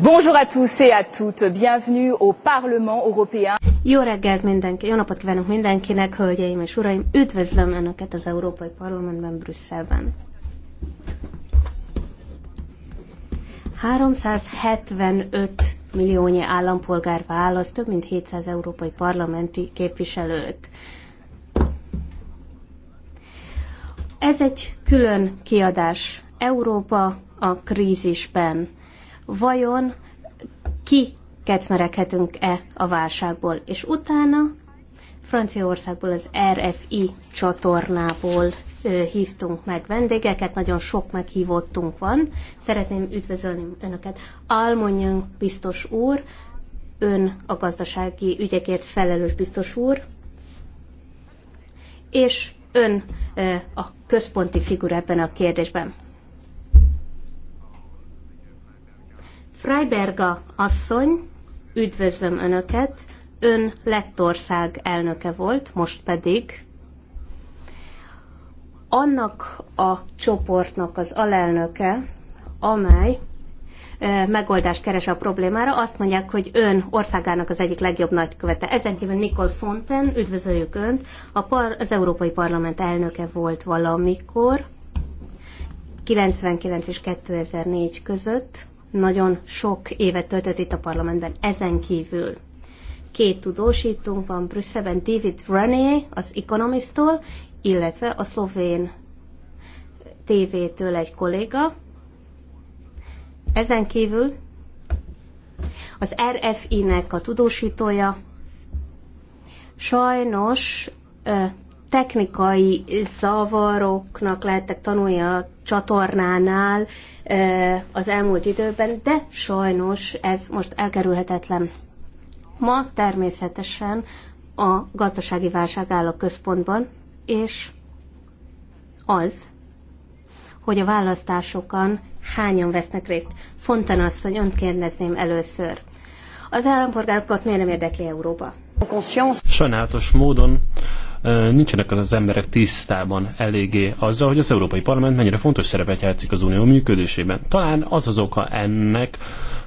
Bonjour à tous et à toutes, bienvenue au Parlement européen. Jó reggelt mindenki, jó napot kívánok mindenkinek, hölgyeim és uraim, üdvözlöm Önöket az Európai Parlamentben, Brüsszelben. 375 milliónyi állampolgár választ, több mint 700 európai parlamenti képviselőt. Ez egy külön kiadás. Európa a krízisben vajon ki kecmerekhetünk e a válságból, és utána Franciaországból az RFI csatornából hívtunk meg vendégeket, nagyon sok meghívottunk van. Szeretném üdvözölni Önöket. Almonyan biztos úr, Ön a gazdasági ügyekért felelős biztos úr, és Ön a központi figura ebben a kérdésben. Freiberga asszony, üdvözlöm Önöket, Ön Lettország elnöke volt, most pedig annak a csoportnak az alelnöke, amely e, megoldást keres a problémára. Azt mondják, hogy ön országának az egyik legjobb nagykövete. Ezen kívül Nikol Fonten, üdvözöljük önt, a par, az Európai Parlament elnöke volt valamikor, 99 és 2004 között nagyon sok évet töltött itt a parlamentben ezen kívül. Két tudósítunk van Brüsszelben, David René az Economistól, illetve a szlovén tévétől egy kolléga. Ezen kívül az RFI-nek a tudósítója sajnos technikai zavaroknak lehettek tanulni a csatornánál az elmúlt időben, de sajnos ez most elkerülhetetlen. Ma természetesen a gazdasági válság áll a központban, és az, hogy a választásokon hányan vesznek részt. Fontan hogy önt kérdezném először. Az állampolgárokat miért nem érdekli Európa? Sajnálatos módon nincsenek az emberek tisztában eléggé azzal, hogy az Európai Parlament mennyire fontos szerepet játszik az unió működésében. Talán az az oka ennek,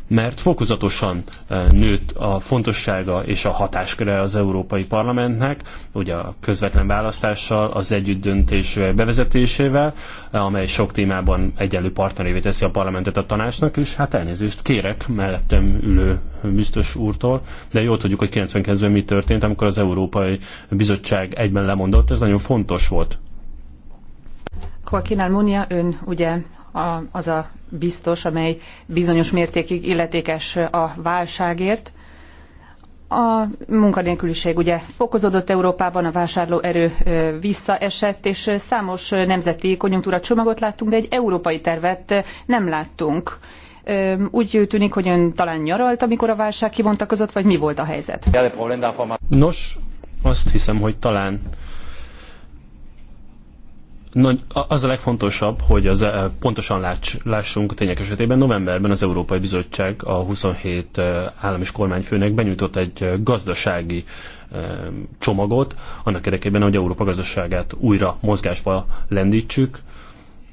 mert fokozatosan e, nőtt a fontossága és a hatásköre az Európai Parlamentnek, ugye a közvetlen választással, az együttdöntés bevezetésével, e, amely sok témában egyenlő partnerévé teszi a parlamentet a tanácsnak, és hát elnézést kérek mellettem ülő biztos úrtól, de jól tudjuk, hogy 99-ben mi történt, amikor az Európai Bizottság egyben lemondott, ez nagyon fontos volt. Joaquín Almunia, ön ugye az a biztos, amely bizonyos mértékig illetékes a válságért. A munkanélküliség ugye fokozódott Európában, a vásárlóerő visszaesett, és számos nemzeti konjunktúra csomagot láttunk, de egy európai tervet nem láttunk. Úgy tűnik, hogy ön talán nyaralt, amikor a válság kibontakozott vagy mi volt a helyzet? Nos, azt hiszem, hogy talán az a legfontosabb, hogy az, e, pontosan láts, lássunk tények esetében. Novemberben az Európai Bizottság a 27 e, állam és kormányfőnek benyújtott egy e, gazdasági csomagot, annak érdekében, hogy Európa gazdaságát újra mozgásba lendítsük,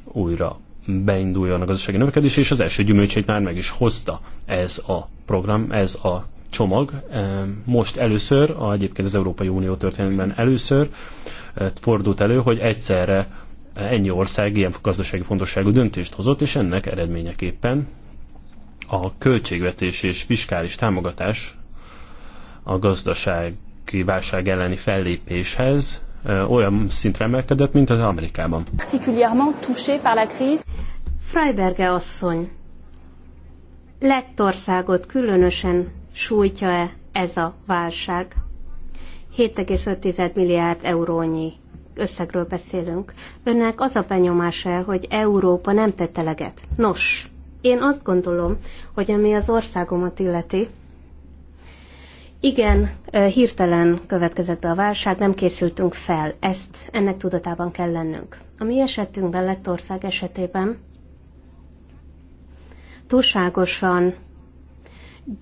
újra beinduljon a gazdasági növekedés, és az első gyümölcsét már meg is hozta ez a program, ez a csomag. Most először, egyébként az Európai Unió történetben először fordult elő, hogy egyszerre ennyi ország ilyen gazdasági fontosságú döntést hozott, és ennek eredményeképpen a költségvetés és fiskális támogatás a gazdasági válság elleni fellépéshez olyan szintre emelkedett, mint az Amerikában. Particulièrement touché par la crise. Freiberge asszony, Lettországot különösen sújtja-e ez a válság? 7,5 milliárd eurónyi összegről beszélünk. Önnek az a benyomása, hogy Európa nem tett eleget. Nos, én azt gondolom, hogy ami az országomat illeti, igen, hirtelen következett be a válság, nem készültünk fel. Ezt ennek tudatában kell lennünk. A mi esetünkben, Lettország esetében túlságosan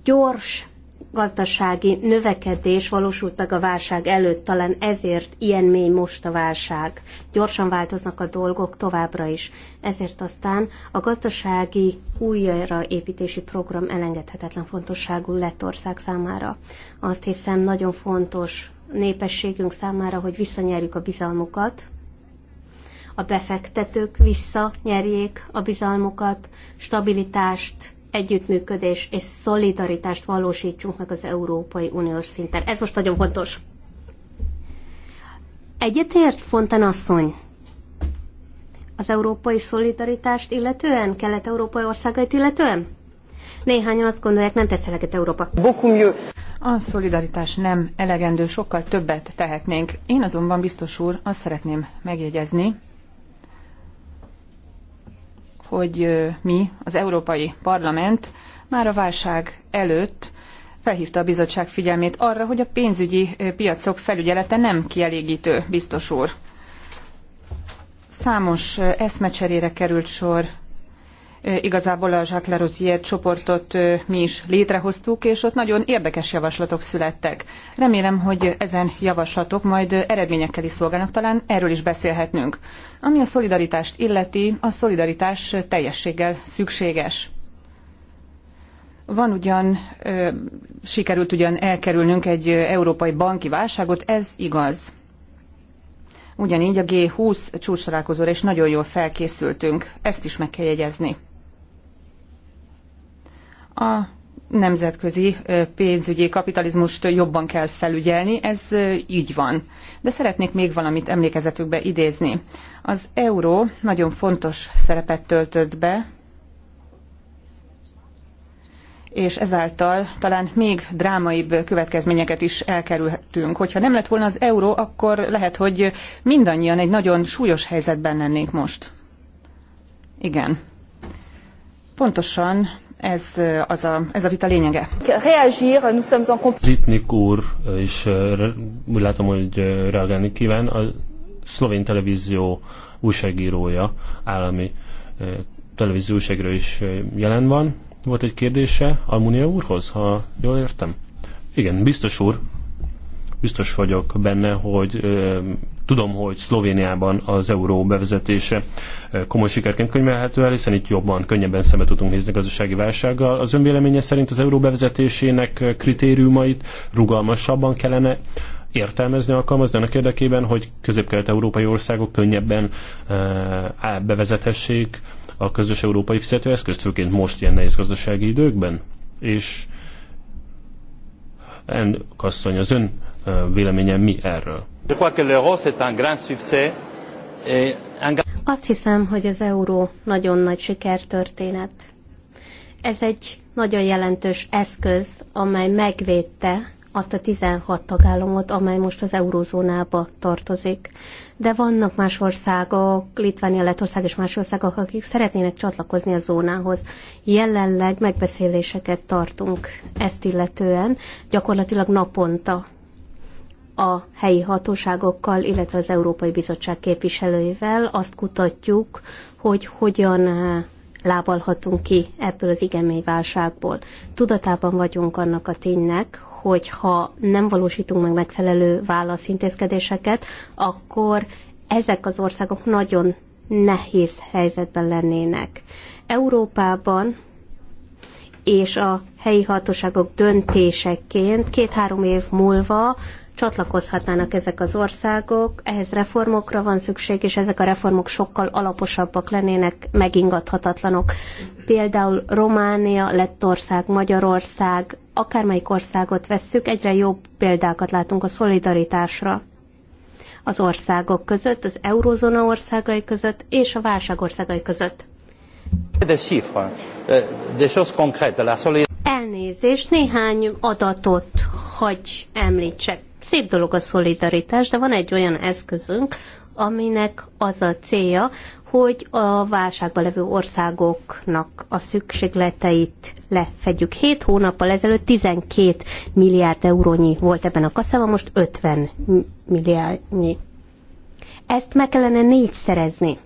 gyors gazdasági növekedés valósult meg a válság előtt, talán ezért ilyen mély most a válság. Gyorsan változnak a dolgok továbbra is. Ezért aztán a gazdasági újraépítési program elengedhetetlen fontosságú lett ország számára. Azt hiszem nagyon fontos népességünk számára, hogy visszanyerjük a bizalmukat, a befektetők visszanyerjék a bizalmukat, stabilitást együttműködés és szolidaritást valósítsunk meg az Európai Uniós szinten. Ez most nagyon fontos. Egyetért, Fontan asszony? Az európai szolidaritást illetően, kelet-európai országait illetően? Néhányan azt gondolják, nem tesz eleget Európa. A szolidaritás nem elegendő, sokkal többet tehetnénk. Én azonban biztos úr, azt szeretném megjegyezni, hogy mi, az Európai Parlament már a válság előtt felhívta a bizottság figyelmét arra, hogy a pénzügyi piacok felügyelete nem kielégítő, biztos úr. Számos eszmecserére került sor Igazából a Jacques Larosier csoportot mi is létrehoztuk, és ott nagyon érdekes javaslatok születtek. Remélem, hogy ezen javaslatok majd eredményekkel is szolgálnak, talán erről is beszélhetnünk. Ami a szolidaritást illeti, a szolidaritás teljességgel szükséges. Van ugyan, ö, sikerült ugyan elkerülnünk egy európai banki válságot, ez igaz. Ugyanígy a G20 csúcstalálkozóra is nagyon jól felkészültünk, ezt is meg kell jegyezni. A nemzetközi pénzügyi kapitalizmust jobban kell felügyelni, ez így van. De szeretnék még valamit emlékezetükbe idézni. Az euró nagyon fontos szerepet töltött be, és ezáltal talán még drámaibb következményeket is elkerülhetünk. Hogyha nem lett volna az euró, akkor lehet, hogy mindannyian egy nagyon súlyos helyzetben lennénk most. Igen. Pontosan ez, az a, ez a vita lényege. Zitnik úr is úgy látom, hogy reagálni kíván. A szlovén televízió újságírója, állami televízió újságíró is jelen van. Volt egy kérdése Almunia úrhoz, ha jól értem? Igen, biztos úr. Biztos vagyok benne, hogy Tudom, hogy Szlovéniában az euró bevezetése komoly sikerként könyvelhető el, hiszen itt jobban, könnyebben szembe tudunk nézni a gazdasági válsággal. Az önvéleménye szerint az euró bevezetésének kritériumait rugalmasabban kellene értelmezni, alkalmazni annak érdekében, hogy közép-kelet-európai országok könnyebben e, bevezethessék a közös európai fizetőeszközt, főként most ilyen nehéz gazdasági időkben? És en, kasszony, az ön véleménye mi erről? Azt hiszem, hogy az euró nagyon nagy sikertörténet. Ez egy nagyon jelentős eszköz, amely megvédte azt a 16 tagállamot, amely most az eurózónába tartozik. De vannak más országok, Litvánia, Lettország és más országok, akik szeretnének csatlakozni a zónához. Jelenleg megbeszéléseket tartunk ezt illetően, gyakorlatilag naponta a helyi hatóságokkal, illetve az Európai Bizottság képviselőivel. Azt kutatjuk, hogy hogyan eh, lábalhatunk ki ebből az igen válságból. Tudatában vagyunk annak a ténynek, hogy ha nem valósítunk meg megfelelő válaszintézkedéseket, akkor ezek az országok nagyon nehéz helyzetben lennének. Európában és a helyi hatóságok döntéseként két-három év múlva csatlakozhatnának ezek az országok, ehhez reformokra van szükség, és ezek a reformok sokkal alaposabbak lennének, megingathatatlanok. Például Románia, Lettország, Magyarország, akármelyik országot vesszük, egyre jobb példákat látunk a szolidaritásra az országok között, az eurozóna országai között és a válság országai között. Euh, Elnézést, néhány adatot hagy említsek. Szép dolog a szolidaritás, de van egy olyan eszközünk, aminek az a célja, hogy a válságban levő országoknak a szükségleteit lefedjük. Hét hónappal ezelőtt 12 milliárd eurónyi volt ebben a kaszában, most 50 milliárdnyi. Ezt meg kellene szerezni.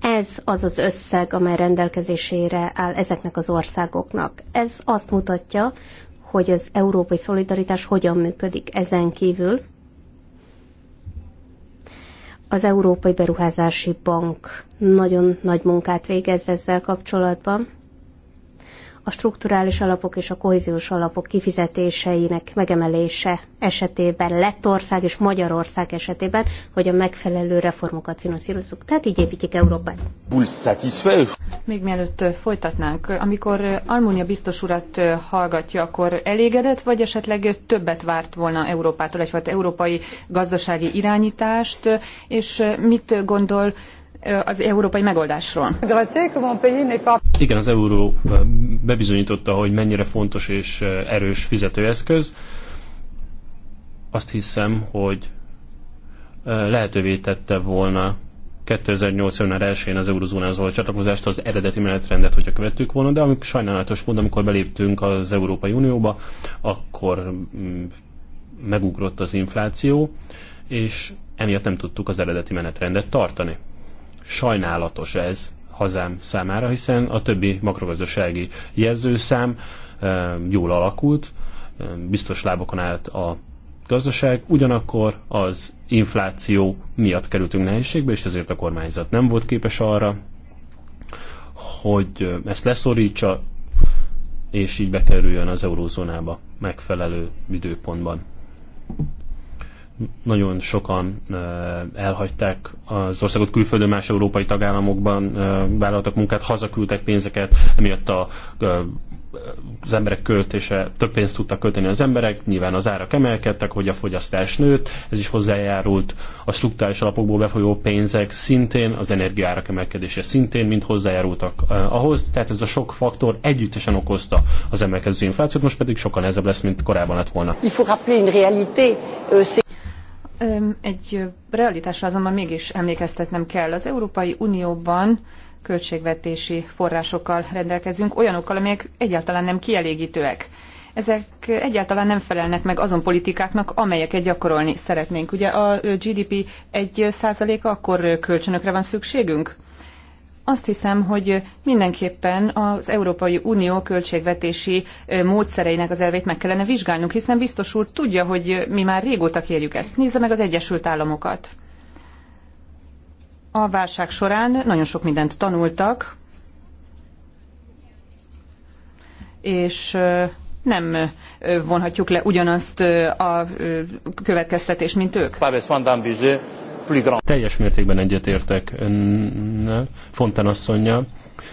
Ez az az összeg, amely rendelkezésére áll ezeknek az országoknak. Ez azt mutatja, hogy az európai szolidaritás hogyan működik ezen kívül. Az Európai Beruházási Bank nagyon nagy munkát végez ezzel kapcsolatban a strukturális alapok és a kohéziós alapok kifizetéseinek megemelése esetében, Lettország és Magyarország esetében, hogy a megfelelő reformokat finanszírozzuk. Tehát így építjük Európát. Még mielőtt folytatnánk, amikor Almunia biztos urat hallgatja, akkor elégedett, vagy esetleg többet várt volna Európától, egyfajta európai gazdasági irányítást, és mit gondol az európai megoldásról. Igen, az euró bebizonyította, hogy mennyire fontos és eh, erős fizetőeszköz. Azt hiszem, hogy eh, lehetővé tette volna 2008. január 1-én az eurozónához való csatlakozást, az eredeti menetrendet, hogyha követtük volna, de amik sajnálatos módon, amikor beléptünk az Európai Unióba, akkor mm, megugrott az infláció, és emiatt nem tudtuk az eredeti menetrendet tartani. Sajnálatos ez, hazám számára, hiszen a többi makrogazdasági jelzőszám jól alakult, biztos lábokon állt a gazdaság, ugyanakkor az infláció miatt kerültünk nehézségbe, és ezért a kormányzat nem volt képes arra, hogy ezt leszorítsa, és így bekerüljön az eurózónába megfelelő időpontban nagyon sokan elhagyták az országot külföldön, más európai tagállamokban vállaltak munkát, hazaküldtek pénzeket, emiatt a, az emberek költése, több pénzt tudtak költeni az emberek, nyilván az árak emelkedtek, hogy a fogyasztás nőtt, ez is hozzájárult a struktúrális alapokból befolyó pénzek szintén, az energiárak emelkedése szintén, mint hozzájárultak ahhoz, tehát ez a sok faktor együttesen okozta az emelkedő inflációt, most pedig sokkal nehezebb lesz, mint korábban lett volna. Euh, egy realitásra azonban mégis emlékeztetnem kell. Az Európai Unióban költségvetési forrásokkal rendelkezünk, olyanokkal, amelyek egyáltalán nem kielégítőek. Ezek egyáltalán nem felelnek meg azon politikáknak, amelyeket gyakorolni szeretnénk. Ugye a GDP egy százaléka akkor kölcsönökre van szükségünk? azt hiszem, hogy mindenképpen az Európai Unió költségvetési módszereinek az elvét meg kellene vizsgálnunk, hiszen biztos úr tudja, hogy mi már régóta kérjük ezt. Nézze meg az Egyesült Államokat. A válság során nagyon sok mindent tanultak, és nem vonhatjuk le ugyanazt a következtetést, mint ők. Teljes mértékben egyetértek Fontenasszonynal.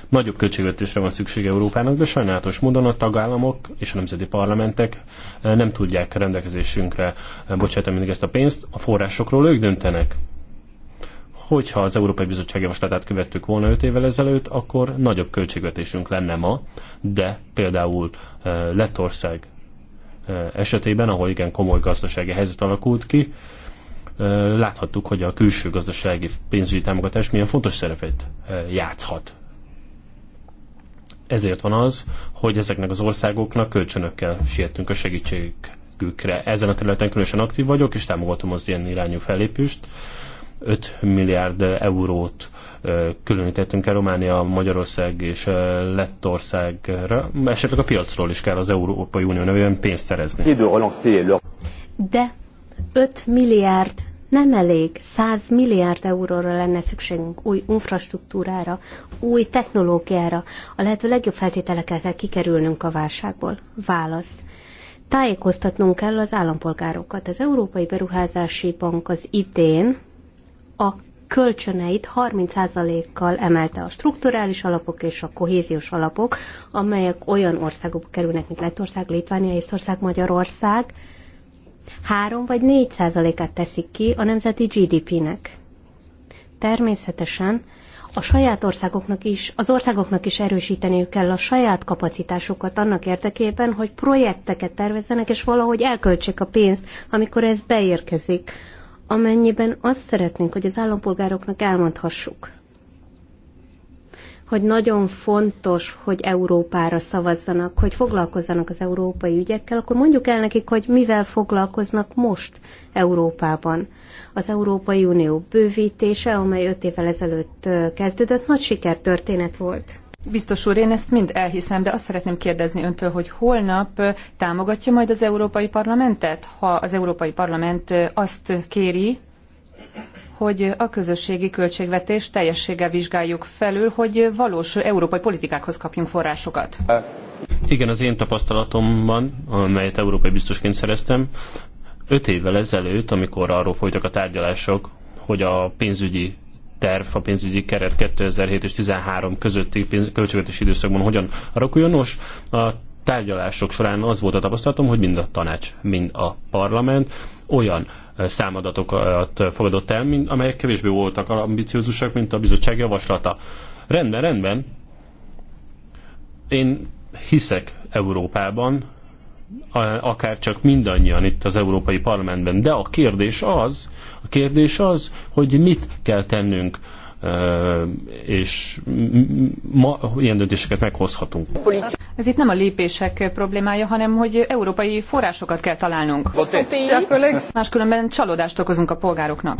Nagyobb költségvetésre van szükség Európának, de sajnálatos módon a tagállamok és a nemzeti parlamentek eh, nem tudják rendelkezésünkre bocsátani mindig ezt a pénzt, a forrásokról ők döntenek hogyha az Európai Bizottság javaslatát követtük volna 5 évvel ezelőtt, akkor nagyobb költségvetésünk lenne ma, de például eh, Lettország eh, esetében, ahol igen komoly gazdasági helyzet alakult ki, láthattuk, hogy a külső gazdasági pénzügyi támogatás milyen fontos szerepet játszhat. Ezért van az, hogy ezeknek az országoknak kölcsönökkel sietünk a segítségükre. Ezen a területen különösen aktív vagyok, és támogatom az ilyen irányú fellépést. 5 milliárd eurót különítettünk el Románia, Magyarország és Lettországra. Esetleg a piacról is kell az Európai Unió nevében pénzt szerezni. De 5 milliárd nem elég, 100 milliárd euróra lenne szükségünk új infrastruktúrára, új technológiára. A lehető legjobb feltételekkel kell kikerülnünk a válságból. Válasz. Tájékoztatnunk kell az állampolgárokat. Az Európai Beruházási Bank az idén a kölcsöneit 30%-kal emelte a strukturális alapok és a kohéziós alapok, amelyek olyan országokba kerülnek, mint Lettország, Litvánia, Észtország, Magyarország, 3 vagy 4 százalékát teszik ki a nemzeti GDP-nek. Természetesen a saját országoknak is, az országoknak is erősíteniük kell a saját kapacitásukat annak érdekében, hogy projekteket tervezzenek, és valahogy elköltsék a pénzt, amikor ez beérkezik, amennyiben azt szeretnénk, hogy az állampolgároknak elmondhassuk, hogy nagyon fontos, hogy Európára szavazzanak, hogy foglalkozzanak az európai ügyekkel, akkor mondjuk el nekik, hogy mivel foglalkoznak most Európában. Az Európai Unió bővítése, amely öt évvel ezelőtt kezdődött, nagy sikertörténet volt. Biztos úr, én ezt mind elhiszem, de azt szeretném kérdezni öntől, hogy holnap támogatja majd az Európai Parlamentet, ha az Európai Parlament azt kéri, hogy a közösségi költségvetést teljességgel vizsgáljuk felül, hogy valós európai politikákhoz kapjunk forrásokat. Igen, az én tapasztalatomban, amelyet európai biztosként szereztem, öt évvel ezelőtt, amikor arról folytak a tárgyalások, hogy a pénzügyi terv, a pénzügyi keret 2007 és 13 közötti költségvetési időszakban hogyan alakuljon. Nos, a tárgyalások során az volt a tapasztalatom, hogy mind a tanács, mind a parlament olyan számadatokat fogadott el, mint, amelyek kevésbé voltak ambiciózusak, mint a bizottság javaslata. Rendben, rendben. Én hiszek Európában, akár csak mindannyian itt az Európai Parlamentben, de a kérdés az, a kérdés az, hogy mit kell tennünk és ma ilyen döntéseket meghozhatunk. Ez itt nem a lépések problémája, hanem hogy európai forrásokat kell találnunk. Máskülönben csalódást okozunk a polgároknak.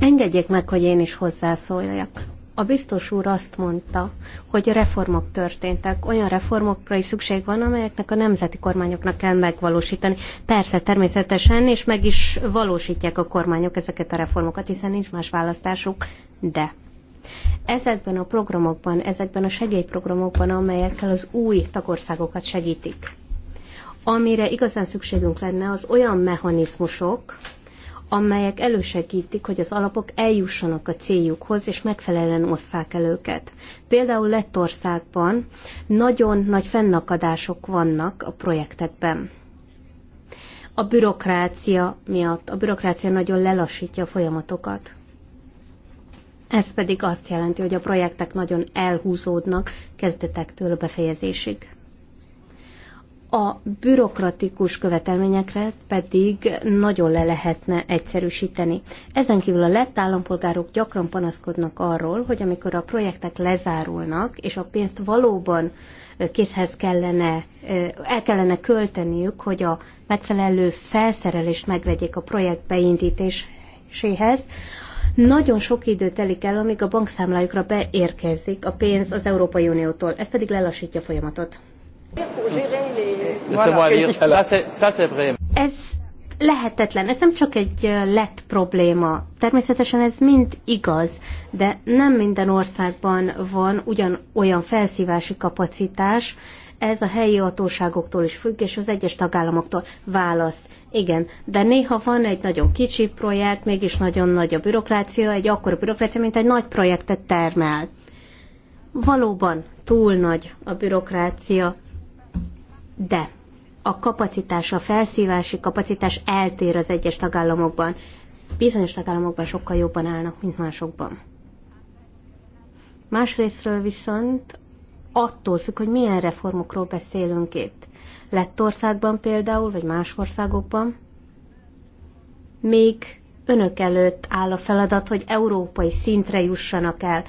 Engedjék meg, hogy én is hozzászóljak. A biztos úr azt mondta, hogy reformok történtek, olyan reformokra is szükség van, amelyeknek a nemzeti kormányoknak kell megvalósítani. Persze, természetesen, és meg is valósítják a kormányok ezeket a reformokat, hiszen nincs más választásuk, de ezekben a programokban, ezekben a segélyprogramokban, amelyekkel az új tagországokat segítik, amire igazán szükségünk lenne, az olyan mechanizmusok, amelyek elősegítik, hogy az alapok eljussanak a céljukhoz, és megfelelően osszák el őket. Például Lettországban nagyon nagy fennakadások vannak a projektekben. A bürokrácia miatt, a bürokrácia nagyon lelassítja a folyamatokat. Ez pedig azt jelenti, hogy a projektek nagyon elhúzódnak kezdetektől a befejezésig. A bürokratikus követelményekre pedig nagyon le lehetne egyszerűsíteni. Ezen kívül a lett állampolgárok gyakran panaszkodnak arról, hogy amikor a projektek lezárulnak, és a pénzt valóban készhez kellene, el kellene költeniük, hogy a megfelelő felszerelést megvegyék a projekt beindítéséhez, nagyon sok idő telik el, amíg a bankszámlájukra beérkezik a pénz az Európai Uniótól. Ez pedig lelassítja a folyamatot. Pour gérer les, ez lehetetlen, ez nem csak egy lett probléma. Természetesen ez mind igaz, de nem minden országban van ugyan olyan felszívási kapacitás, ez a helyi hatóságoktól is függ, és az egyes tagállamoktól válasz. Igen, de néha van egy nagyon kicsi projekt, mégis nagyon nagy a bürokrácia, egy akkora bürokrácia, mint egy nagy projektet termel. Valóban túl nagy a bürokrácia, de a kapacitás, a felszívási kapacitás eltér az egyes tagállamokban. Bizonyos tagállamokban sokkal jobban állnak, mint másokban. Másrésztről viszont attól függ, hogy milyen reformokról beszélünk itt. Lettországban például, vagy más országokban, még önök előtt áll a feladat, hogy európai szintre jussanak el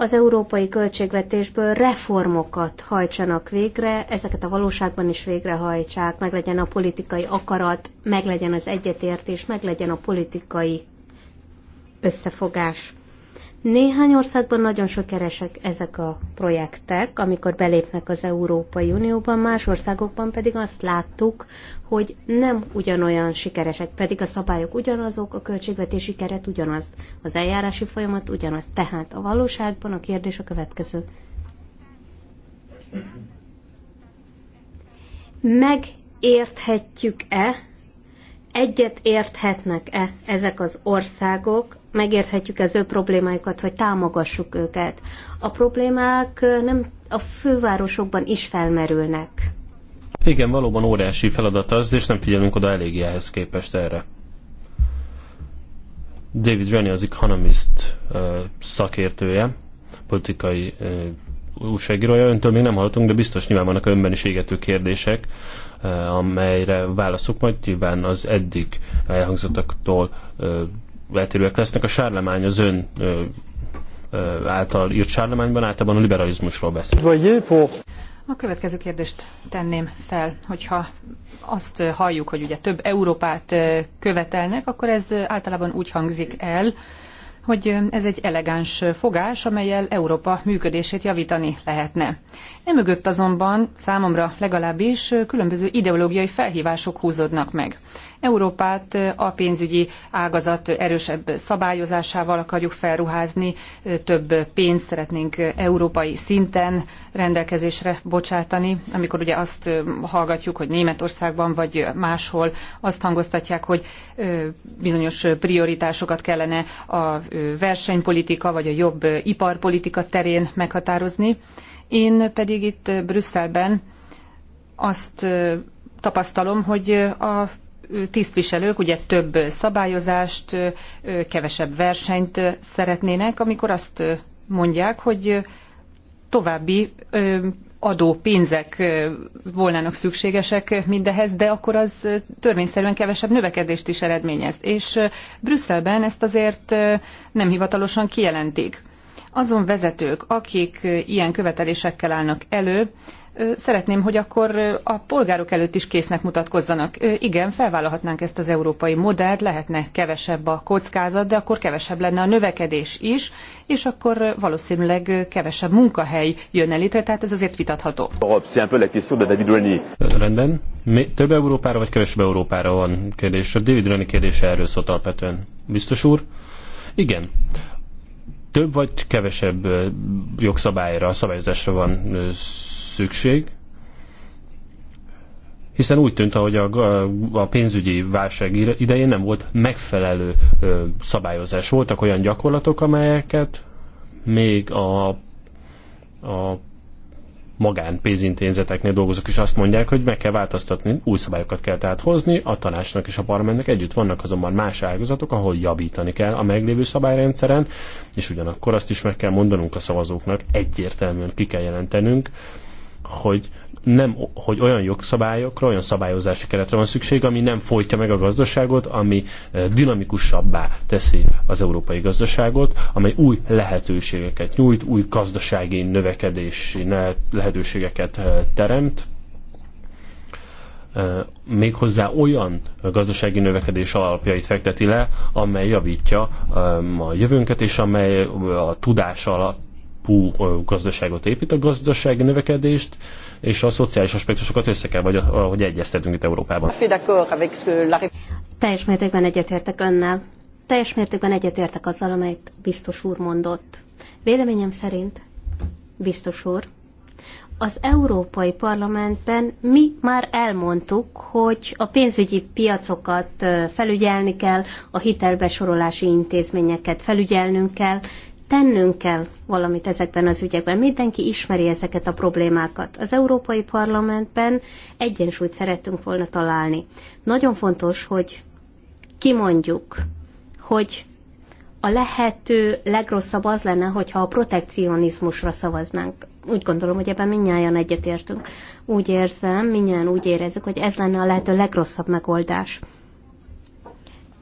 az európai költségvetésből reformokat hajtsanak végre, ezeket a valóságban is végrehajtsák, meg legyen a politikai akarat, meg legyen az egyetértés, meg legyen a politikai összefogás. Néhány országban nagyon sikeresek ezek a projektek, amikor belépnek az Európai Unióban, más országokban pedig azt láttuk, hogy nem ugyanolyan sikeresek, pedig a szabályok ugyanazok, a költségvetési keret ugyanaz, az eljárási folyamat ugyanaz. Tehát a valóságban a kérdés a következő. Megérthetjük-e, egyet érthetnek-e ezek az országok megérthetjük az ő problémáikat, vagy támogassuk őket. A problémák nem a fővárosokban is felmerülnek. Igen, valóban óriási feladat az, és nem figyelünk oda eléggé ehhez képest erre. David Rennie az Economist szakértője, politikai újságírója. Öntől még nem hallottunk, de biztos nyilván vannak önben is égető kérdések, amelyre válaszok majd nyilván az eddig elhangzottaktól eltérőek lesznek. A Sárlemány az ön ö, ö, által írt Sárlemányban általában a liberalizmusról beszél. A következő kérdést tenném fel, hogyha azt halljuk, hogy ugye több Európát követelnek, akkor ez általában úgy hangzik el, hogy ez egy elegáns fogás, amelyel Európa működését javítani lehetne. Emögött azonban számomra legalábbis különböző ideológiai felhívások húzódnak meg. Európát a pénzügyi ágazat erősebb szabályozásával akarjuk felruházni, több pénzt szeretnénk európai szinten rendelkezésre bocsátani, amikor ugye azt hallgatjuk, hogy Németországban vagy máshol azt hangoztatják, hogy bizonyos prioritásokat kellene a versenypolitika vagy a jobb iparpolitika terén meghatározni. Én pedig itt Brüsszelben azt tapasztalom, hogy a tisztviselők ugye több szabályozást, kevesebb versenyt szeretnének, amikor azt mondják, hogy további adópénzek volnának szükségesek mindehez, de akkor az törvényszerűen kevesebb növekedést is eredményez. És Brüsszelben ezt azért nem hivatalosan kijelentik. Azon vezetők, akik ilyen követelésekkel állnak elő, szeretném, hogy akkor a polgárok előtt is késznek mutatkozzanak. Igen, felvállalhatnánk ezt az európai modellt, lehetne kevesebb a kockázat, de akkor kevesebb lenne a növekedés is, és akkor valószínűleg kevesebb munkahely jön el létre, tehát ez azért vitatható. Rendben. Több Európára vagy kevesebb Európára van kérdés? A David Rennie kérdése erről szólt alapvetően. Biztos úr? Igen több vagy kevesebb jogszabályra, szabályozásra van szükség, hiszen úgy tűnt, ahogy a, a pénzügyi válság idején nem volt megfelelő szabályozás. Voltak olyan gyakorlatok, amelyeket még a, a magánpénzintézeteknél dolgozók is azt mondják, hogy meg kell változtatni, új szabályokat kell tehát hozni, a tanácsnak és a parlamentnek együtt vannak azonban más ágazatok, ahol javítani kell a meglévő szabályrendszeren, és ugyanakkor azt is meg kell mondanunk a szavazóknak, egyértelműen ki kell jelentenünk, hogy nem, hogy olyan jogszabályokra, olyan szabályozási keretre van szükség, ami nem folytja meg a gazdaságot, ami eh, dinamikusabbá teszi az európai gazdaságot, amely új lehetőségeket nyújt, új gazdasági növekedési lehetőségeket eh, teremt, eh, méghozzá olyan gazdasági növekedés alapjait fekteti le, amely javítja a jövőnket, és amely a tudás alap alapú gazdaságot épít, a gazdasági növekedést és a szociális aspektusokat össze kell, vagy ahogy egyeztetünk itt Európában. Teljes mértékben egyetértek önnel. Teljes mértékben egyetértek azzal, amelyet biztos úr mondott. Véleményem szerint, biztos úr, az Európai Parlamentben mi már elmondtuk, hogy a pénzügyi piacokat felügyelni kell, a hitelbesorolási intézményeket felügyelnünk kell, tennünk kell valamit ezekben az ügyekben. Mindenki ismeri ezeket a problémákat. Az Európai Parlamentben egyensúlyt szerettünk volna találni. Nagyon fontos, hogy kimondjuk, hogy a lehető legrosszabb az lenne, hogyha a protekcionizmusra szavaznánk. Úgy gondolom, hogy ebben minnyáján egyetértünk. Úgy érzem, minnyáján úgy érezzük, hogy ez lenne a lehető legrosszabb megoldás.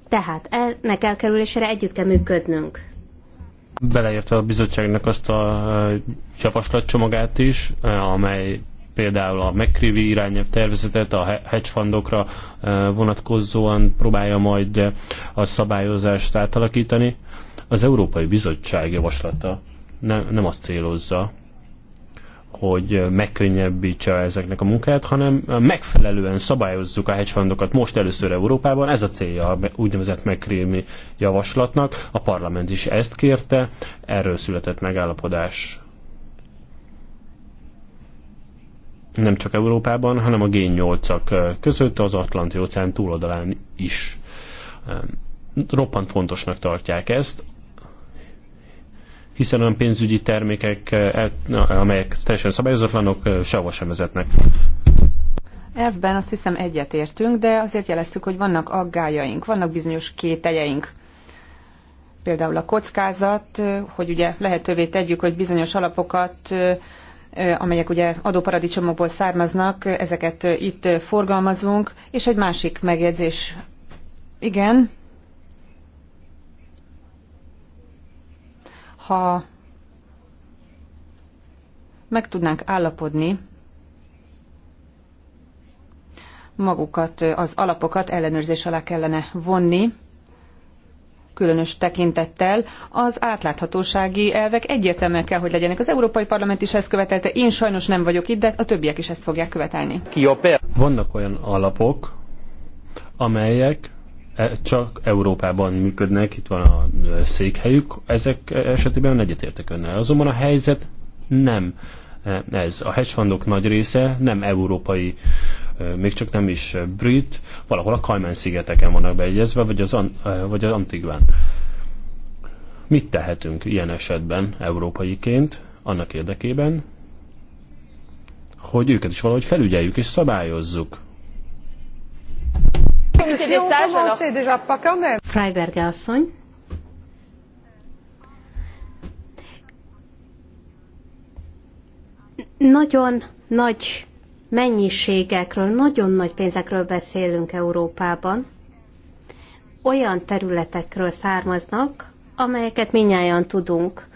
Tehát ennek elkerülésére együtt kell működnünk Beleértve a bizottságnak azt a javaslatcsomagát is, amely például a McCreevy irányelv tervezetet a hedge fundokra vonatkozóan próbálja majd a szabályozást átalakítani. Az Európai Bizottság javaslata nem, nem azt célozza, hogy megkönnyebbítse ezeknek a munkáját, hanem megfelelően szabályozzuk a hedgefundokat most először Európában. Ez a célja a úgynevezett megkrémi javaslatnak. A parlament is ezt kérte, erről született megállapodás nem csak Európában, hanem a G8-ak között az Atlanti óceán túloldalán is. Roppant fontosnak tartják ezt hiszen olyan pénzügyi termékek, eh, amelyek teljesen szabályozatlanok, eh, sehova sem vezetnek. Elvben azt hiszem egyetértünk, de azért jeleztük, hogy vannak aggájaink, vannak bizonyos kételjeink. Például a kockázat, eh, hogy ugye lehetővé tegyük, hogy bizonyos alapokat amelyek ugye adóparadicsomokból származnak, ezeket itt forgalmazunk, és egy másik megjegyzés. Igen, ha meg tudnánk állapodni, magukat, az alapokat ellenőrzés alá kellene vonni, különös tekintettel az átláthatósági elvek egyértelműen kell, hogy legyenek. Az Európai Parlament is ezt követelte, én sajnos nem vagyok itt, de a többiek is ezt fogják követelni. Vannak olyan alapok, amelyek E, csak Európában működnek, itt van a e, székhelyük, ezek esetében egyetértek önnel. Azonban a helyzet nem e, ez. A hedgefundok nagy része nem európai, még csak nem is brit, valahol a Kajmán-szigeteken vannak beegyezve, vagy az, vagy az Antigván. Mit tehetünk ilyen esetben európaiként annak érdekében, hogy őket is valahogy felügyeljük és szabályozzuk? écouter si des sages, alors... déjà pas quand même. Freiberg asszony. Nagyon nagy mennyiségekről, nagyon nagy pénzekről beszélünk Európában. Olyan területekről származnak, amelyeket minnyáján tudunk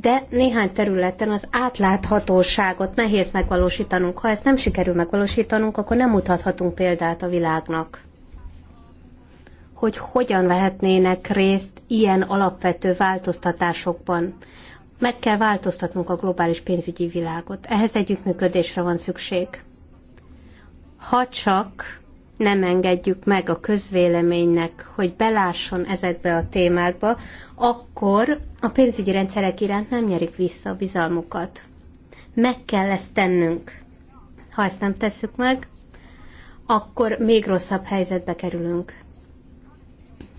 de néhány területen az átláthatóságot nehéz megvalósítanunk. Ha ezt nem sikerül megvalósítanunk, akkor nem mutathatunk példát a világnak hogy hogyan vehetnének részt ilyen alapvető változtatásokban. Meg kell változtatnunk a globális pénzügyi világot. Ehhez együttműködésre van szükség. Ha csak nem engedjük meg a közvéleménynek, hogy belásson ezekbe a témákba, akkor a pénzügyi rendszerek iránt nem nyerik vissza a bizalmukat. Meg kell ezt tennünk. Ha ezt nem tesszük meg, akkor még rosszabb helyzetbe kerülünk.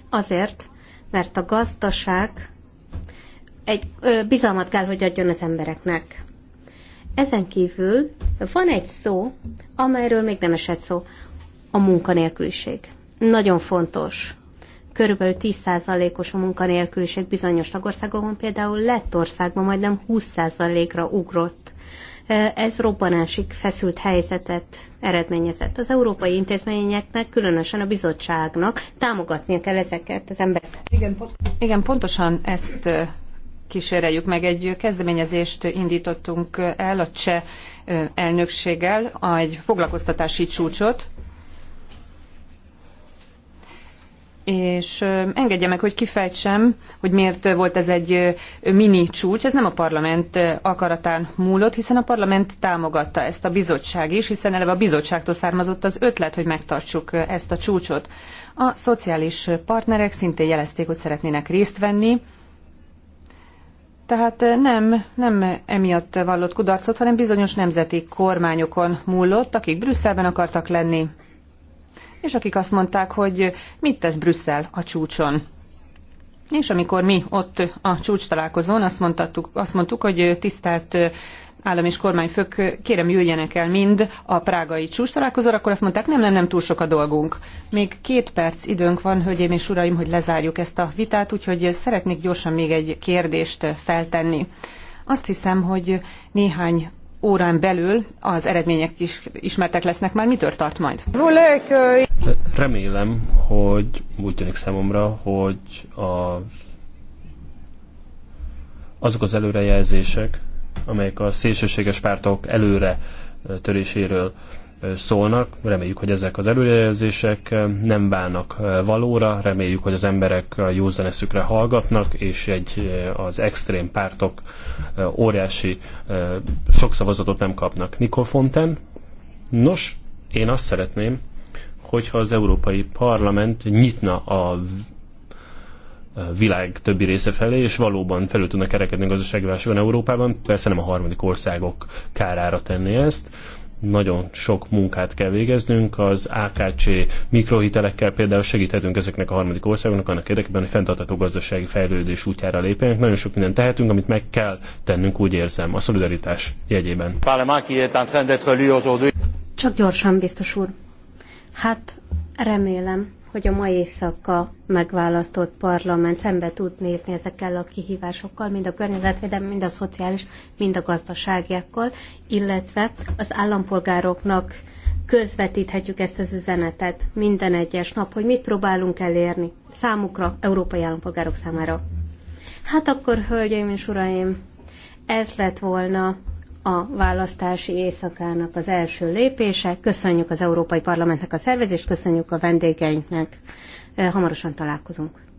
Azért, mert a gazdaság egy ö, bizalmat kell, hogy adjon az embereknek. Ezen kívül van egy szó, amelyről még nem esett szó a munkanélküliség. Nagyon fontos. Körülbelül 10%-os a munkanélküliség bizonyos tagországokban, például Lettországban majdnem 20%-ra ugrott. Ez robbanásig feszült helyzetet eredményezett. Az európai intézményeknek, különösen a bizottságnak támogatnia kell ezeket az embereket. Igen, pont- igen pontosan ezt kíséreljük meg. Egy kezdeményezést indítottunk el a cseh elnökséggel, egy foglalkoztatási csúcsot, és engedje meg, hogy kifejtsem, hogy miért volt ez egy mini csúcs. Ez nem a parlament akaratán múlott, hiszen a parlament támogatta ezt a bizottság is, hiszen eleve a bizottságtól származott az ötlet, hogy megtartsuk ezt a csúcsot. A szociális partnerek szintén jelezték, hogy szeretnének részt venni, tehát nem, nem emiatt vallott kudarcot, hanem bizonyos nemzeti kormányokon múlott, akik Brüsszelben akartak lenni, és akik azt mondták, hogy mit tesz Brüsszel a csúcson. És amikor mi ott a csúcs találkozón azt, mondtattuk, azt mondtuk, hogy tisztelt állam és kormányfők kérem jöjjenek el mind a prágai csúcs találkozóra, akkor azt mondták, nem, nem, nem, túl sok a dolgunk. Még két perc időnk van, hölgyeim és uraim, hogy lezárjuk ezt a vitát, úgyhogy szeretnék gyorsan még egy kérdést feltenni. Azt hiszem, hogy néhány órán belül az eredmények is ismertek lesznek már. Mitől tart majd? Remélem, hogy úgy tűnik számomra, hogy a, azok az előrejelzések, amelyek a szélsőséges pártok előre töréséről szólnak. Reméljük, hogy ezek az előrejelzések nem válnak eh, valóra, reméljük, hogy az emberek a józan eszükre hallgatnak, és egy eh, az extrém pártok eh, óriási sok szavazatot nem kapnak. Nikol Fonten, nos, én azt szeretném, hogyha az Európai Parlament nyitna a világ többi része felé, és valóban felül tudnak kerekedni a gazdasági válságon Európában, persze nem a harmadik országok kárára tenni ezt, nagyon sok munkát kell végeznünk, az AKC mikrohitelekkel például segíthetünk ezeknek a harmadik országoknak annak érdekében, hogy fenntartható gazdasági fejlődés útjára lépjenek. Nagyon sok mindent tehetünk, amit meg kell tennünk, úgy érzem, a szolidaritás jegyében. Csak gyorsan, biztos úr. Hát remélem, hogy a mai éjszaka megválasztott parlament szembe tud nézni ezekkel a kihívásokkal, mind a környezetvédelmi, mind a szociális, mind a gazdaságiakkal, illetve az állampolgároknak közvetíthetjük ezt az üzenetet minden egyes nap, hogy mit próbálunk elérni számukra, európai állampolgárok számára. Hát akkor, hölgyeim és uraim, ez lett volna a választási éjszakának az első lépése. Köszönjük az Európai Parlamentnek a szervezést, köszönjük a vendégeinknek. Hamarosan találkozunk.